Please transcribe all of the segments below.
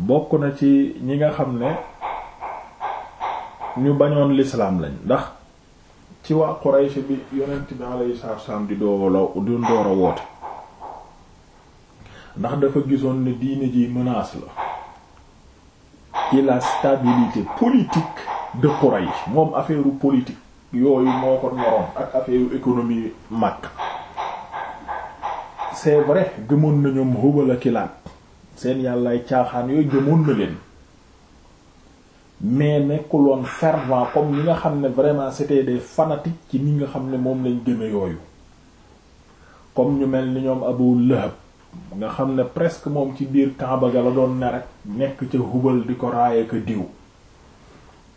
bokk na ci ñi nga xam ne ñu bañoon lislaam lañ ndax ci waa Quraysh bi yonent bi alayhi salaam di doowalaw di ndoor a woote ndax dafa gisoon ni diine ji menace la ci stabilité politique de Quraysh moom affaire politique yooyu moo ko ñoroon ak affaire économie mag c'est vrai gëmoon na ñoom Hubal ak Kilaab seen yàllaay caaxaan yooyu jëmoon na leen mais nekkul woon fervent comme ñi nga xam ne vraiment c'était des fanatiques ci ni nga xam ne moom lañ gëme yooyu comme ñu mel ni ñoom Abu Lahab nga xam ne presque moom ci biir Kaaba ga la doon ne rek nekk ca Hubal di ko raaya ka diw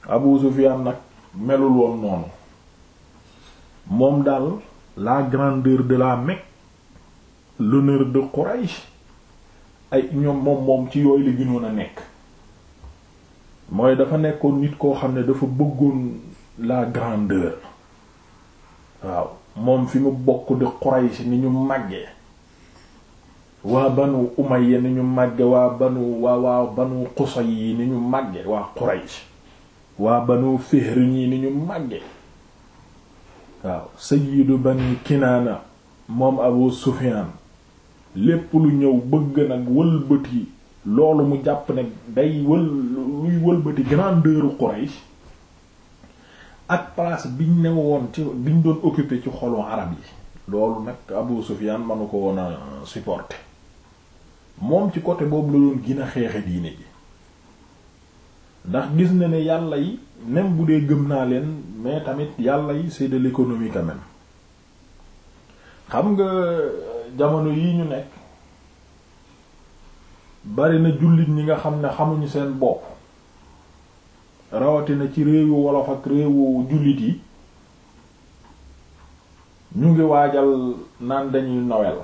Abu Sufyan nag melul woon noonu moom daal la grandeur de la Mecque l'honneur de Quraish ay ñoom moom moom ci yooyu la gënoon a nekk mooy dafa nekkoon nit koo xam ne dafa bëggoon la grandeur waaw moom fi mu bokk di Quraysh ni ñu màggee waa banu Umayya ni ñu màgge waa banu waa yi ni ñu màgge waa Quraysh waa banu Fihr ñi ni ñu màgge waaw sayyidu bani Kinaana moom Abu Sufyaan lépp lu ñëw bëgg nag wëlbati loolu mu jàpp ne day wël luy wëlbati grandeur Quraysh ak place biñ ne woon ci biñ doon occupé ci xolu arab yi loolu nag Abu Sufyan manu ko woon a supporter moom ci côté boobu la doon gën a xeexe diine ji ndax gis na ne yàlla yi même bu dee gëm naa leen mais tamit yàlla yi c'est de l'économie quand même xam nga jamono yi ñu nekk bari na jullit ñi nga xam ne xamuñu seen bopp rawatina ci réewu wolof ak réewu jullit yi ñu ngi waajal naan dañuy Noël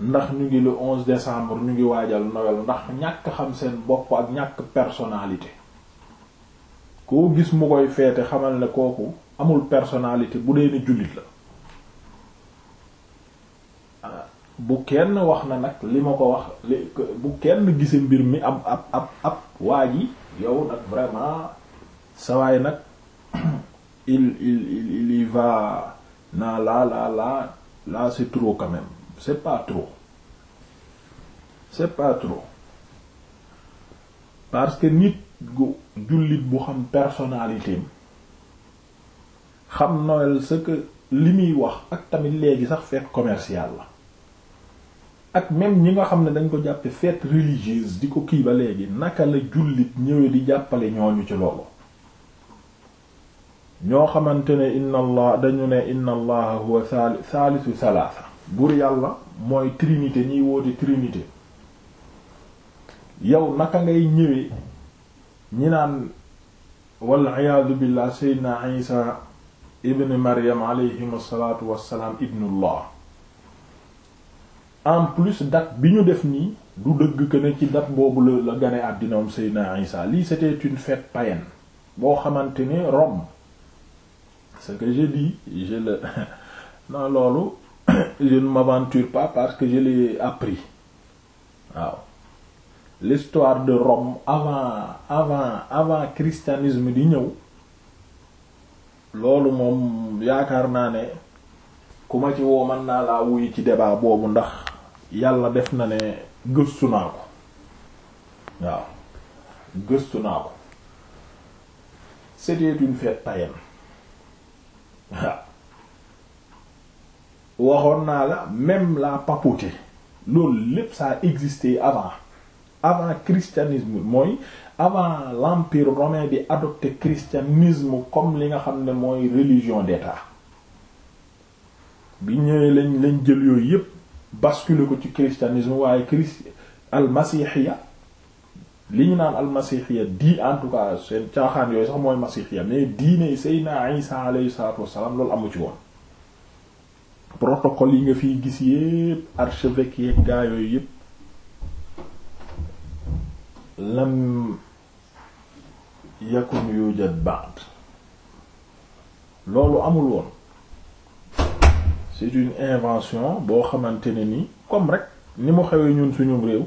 ndax ñu ngi lu onze décembre ñu ngi waajal nowel ndax ñàkk xam seen bopp ak ñàkk personnalité koo gis mu koy feete xamal ne kooku amul personnalité bu dee ne jullit la bu kenn wax na nag li ma ko wax li bu kenn gise mbir mi ab ab ab waa ji yow nag vraiment sawaay nag il il il y va na la la la là c'est trop quand même c'est pas trop c'est pas trop parce que nit gu jullit bu xam personnalité xam Noël ce que li muy wax ak tamit léegi sax fête commercial la ak même ñi nga xam ne dañ ko jàppe fête religieuse di ko kii ba léegi naka la jullit ñëwee di jàppale ñooñu ci loolu ñoo xamante ne inna allah dañu ne inna allaha huwa saalisu salaasa buur yàlla mooy trinité ñiy woote trinité yow naka ngay ñëwee ñi naan wal iyaadu billah seydna isa ibn maryam alayhim asalatu wassalaam ibnullah en plus date bi ñu def nii du dëgg que ne ci date boobu la la gane àddina am Seydina Isa lii c'était une fête païenne boo xamante ni Rome ce que j'ai dit je le non loolu je ne m'aventure pas parce que je l'ai appris waaw l'histoire de Rome avant avant avant christianisme di ñëw loolu moom yaakaar naa ne ku ma ci woo man naa laa wuyu ci débat boobu ndax yàlla def na ne gëstu naa ko waaw gëstu naa ko c'était une fête waxoon naa la même la papauté loolu lépp ça existait avant avant christianisme mooy avant l'empire romain bi adopté christianisme comme li nga xam ne mooy religion d'État bi ñëwee lañ lañ jël yooyu yépp basculer ko ci christianisme waaye christ almasihiya li ñu naan almasihiya di en tout cas seen caaxaan yooyu sax mooy masihiya mais diine Seydina Isa alayhi salatu wassalam loolu amu ci woon yi nga fiy gis yépp archevêque yooyu yépp lam loolu amul woon c'est une invention boo xamante ne nii comme rek ni mu xewee ñun suñu réew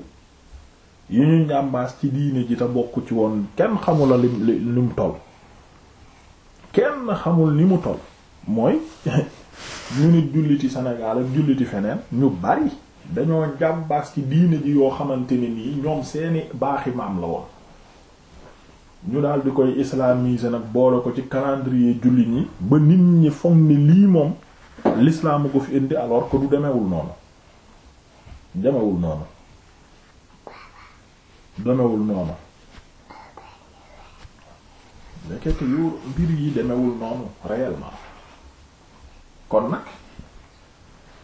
yi ñu njàmbaas ci diine ji te bokk ci woon kenn xamula li li mu toll kenn xamul ni mu toll mooy ñu nit julliti Sénégal ak julliti feneen ñu bari dañoo njàmbaas ci diine ji yoo xamante ne nii ñoom seeni baaxi maam la woon ñu daldi di koy islamiser nag boole ko ci calendrier jullit ñi ba nit ñi foog ni lii moom l'islam ko fi indi aloor que du demewul noonu demewul noonu demewul noonu lékkete yu mbir yi demewul noonu réellement kon nag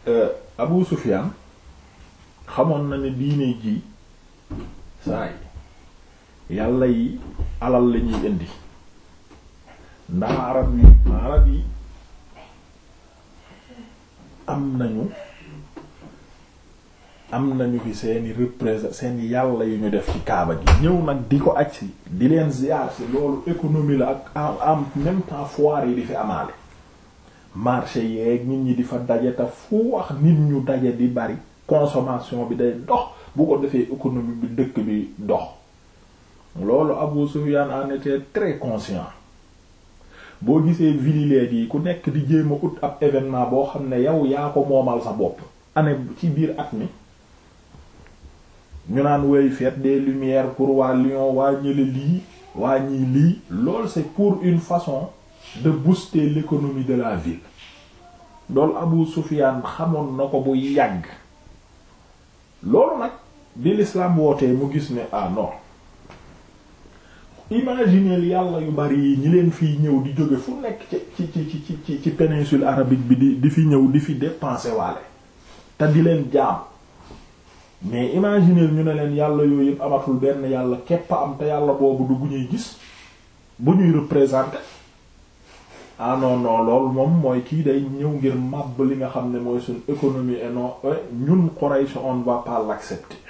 euh, Abu Sufyan xamoon na ni diine ji saa yi yàlla yi alal la ñuy indi ndax arab yi arab yi am ñu am nañu fi seeni représent seeni yàlla yu ñu def ci kaaba gi ñëw nag di ko aj si di leen ziar si loolu économie la ak en même temps foire yi di fi amaale marché yeeg nit ñi di fa daje te fu wax nit ñu daje di bari consommation bi day dox bu ko defee économie bi dëkk bi dox loolu Abu Sufyan en était conscient boo gisee villes yi ku nekk di jéem ut ab événement boo xam ne yow yaa ko moomal sa bopp année ci biir at mi ñu naan woy fête de lumière pour waa Lyon waa ñële lii waa ñii lii loolu c'est pour une façon de booster l'économie de la ville loolu Abu Sufyan xamoon na ko bu yàgg loolu nag bi l'islam wootee mu gis ne ah non imagineel yàlla yu bari yi ñi leen fiy ñëw di jóge fu nekk ci ci ci ci ci péninsule arabique bi di di fi ñëw di fi dépenser waale te di leen jaam mais imagineel ñu ne leen yàlla yooyu yëpp amatul benn yàlla képp am te yàlla boobu du bu ñuy gis bu ñuy représenter ah non non moom mooy kii day ñëw ngir màbb li nga xam ne mooy suñ économie et non eh, ñun Quraysh on va pas l'accepter